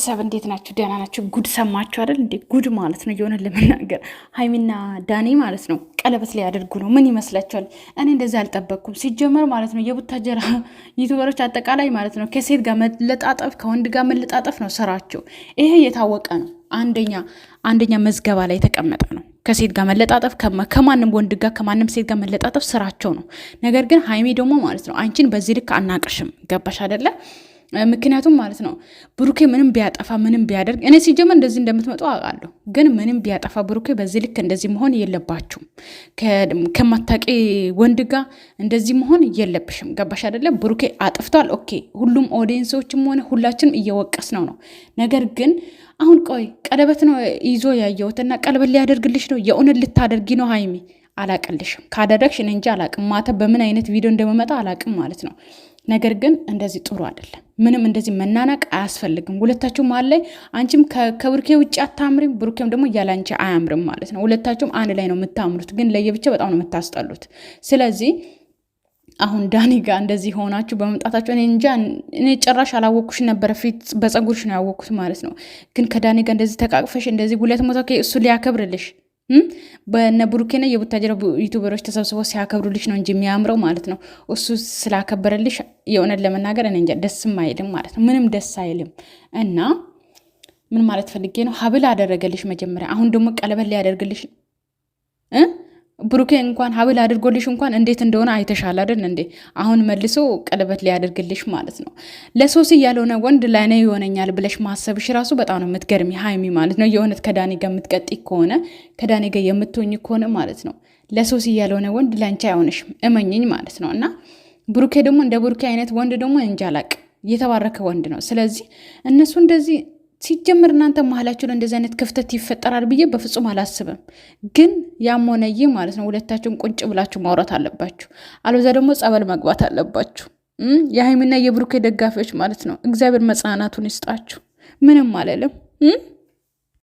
ቤተሰብ እንዴት ናችሁ? ደህና ናችሁ? ጉድ ሰማችሁ አይደል እንዴ? ጉድ ማለት ነው። የሆነ ለመናገር ሀይሚና ዳኔ ማለት ነው ቀለበት ላይ ያደርጉ ነው። ምን ይመስላችኋል? እኔ እንደዚህ አልጠበቅኩም። ሲጀመር ማለት ነው የቡታጀራ ዩቱበሮች አጠቃላይ ማለት ነው ከሴት ጋር መለጣጠፍ፣ ከወንድ ጋር መለጣጠፍ ነው ስራቸው። ይሄ የታወቀ ነው። አንደኛ አንደኛ መዝገባ ላይ የተቀመጠ ነው። ከሴት ጋር መለጣጠፍ ከማንም ወንድ ጋር ከማንም ሴት ጋር መለጣጠፍ ስራቸው ነው። ነገር ግን ሀይሜ ደግሞ ማለት ነው አንቺን በዚህ ልክ አናቅሽም። ገባሽ አይደለም ምክንያቱም ማለት ነው ብሩኬ ምንም ቢያጠፋ ምንም ቢያደርግ፣ እኔ ሲጀመር እንደዚህ እንደምትመጡ አውቃለሁ። ግን ምንም ቢያጠፋ ብሩኬ በዚህ ልክ እንደዚህ መሆን የለባችሁም። ከማታቂ ወንድ ጋር እንደዚህ መሆን የለብሽም። ገባሽ አይደለም? ብሩኬ አጥፍቷል። ኦኬ፣ ሁሉም ኦዲየንሶችም ሆነ ሁላችንም እየወቀስ ነው ነው። ነገር ግን አሁን ቆይ ቀለበት ነው ይዞ ያየሁትና ቀለበት ሊያደርግልሽ ነው። የእውነት ልታደርጊ ነው ሀይሜ? አላቅልሽም ካደረግሽ እኔ እንጂ አላቅም። ማታ በምን አይነት ቪዲዮ እንደመመጣ አላቅም ማለት ነው። ነገር ግን እንደዚህ ጥሩ አይደለም። ምንም እንደዚህ መናናቅ አያስፈልግም። ሁለታችሁ መሀል ላይ አንቺም ከብሩኬ ውጭ አታምሪም፣ ብሩኬም ደግሞ እያለ አንቺ አያምርም ማለት ነው። ሁለታችሁም አንድ ላይ ነው የምታምሩት፣ ግን ለየብቻ በጣም ነው የምታስጠሉት። ስለዚህ አሁን ዳኒ ጋር እንደዚህ ሆናችሁ በመምጣታችሁ እኔ እንጃ፣ እኔ ጭራሽ አላወቅኩሽ ነበረ። ፊት በፀጉርሽ ነው ያወቅኩት ማለት ነው። ግን ከዳኒ ጋር እንደዚህ ተቃቅፈሽ እንደዚህ ሁለት ሞታ እሱ ሊያከብርልሽ በነ ብሩኬና የቡታጀራ ዩቱበሮች ተሰብስበው ሲያከብሩልሽ ነው እንጂ የሚያምረው ማለት ነው። እሱ ስላከበረልሽ የእውነት ለመናገር እኔ እንጃ ደስም አይልም ማለት ነው። ምንም ደስ አይልም እና ምን ማለት ፈልጌ ነው፣ ሀብል አደረገልሽ መጀመሪያ፣ አሁን ደግሞ ቀለበት ሊያደርግልሽ ብሩኬ እንኳን ሀብል አድርጎልሽ እንኳን እንዴት እንደሆነ አይተሻል አይደል እንዴ? አሁን መልሶ ቀለበት ሊያደርግልሽ ማለት ነው። ለሶሲ ያልሆነ ወንድ ለእኔ ይሆነኛል ብለሽ ማሰብሽ ራሱ በጣም ነው የምትገርሚ ሀይሚ ማለት ነው። የእውነት ከዳኔ ጋር የምትቀጢ ከሆነ ከዳኔ ጋር የምትሆኝ ከሆነ ማለት ነው ለሶሲ ያልሆነ ወንድ ለአንቺ አይሆንሽም እመኝኝ ማለት ነው። እና ብሩኬ ደግሞ እንደ ብሩኬ አይነት ወንድ ደግሞ እንጃ አላቅ የተባረከ ወንድ ነው። ስለዚህ እነሱ እንደዚህ ሲጀምር እናንተ መሀላችሁን እንደዚህ አይነት ክፍተት ይፈጠራል ብዬ በፍጹም አላስብም። ግን ያም ሆነ ይህ ማለት ነው ሁለታችሁን ቁንጭ ብላችሁ ማውራት አለባችሁ። አለዛ ደግሞ ጸበል መግባት አለባችሁ። የሀይሚና የብሩኬ ደጋፊዎች ማለት ነው እግዚአብሔር መጽናናቱን ይስጣችሁ። ምንም አለልም።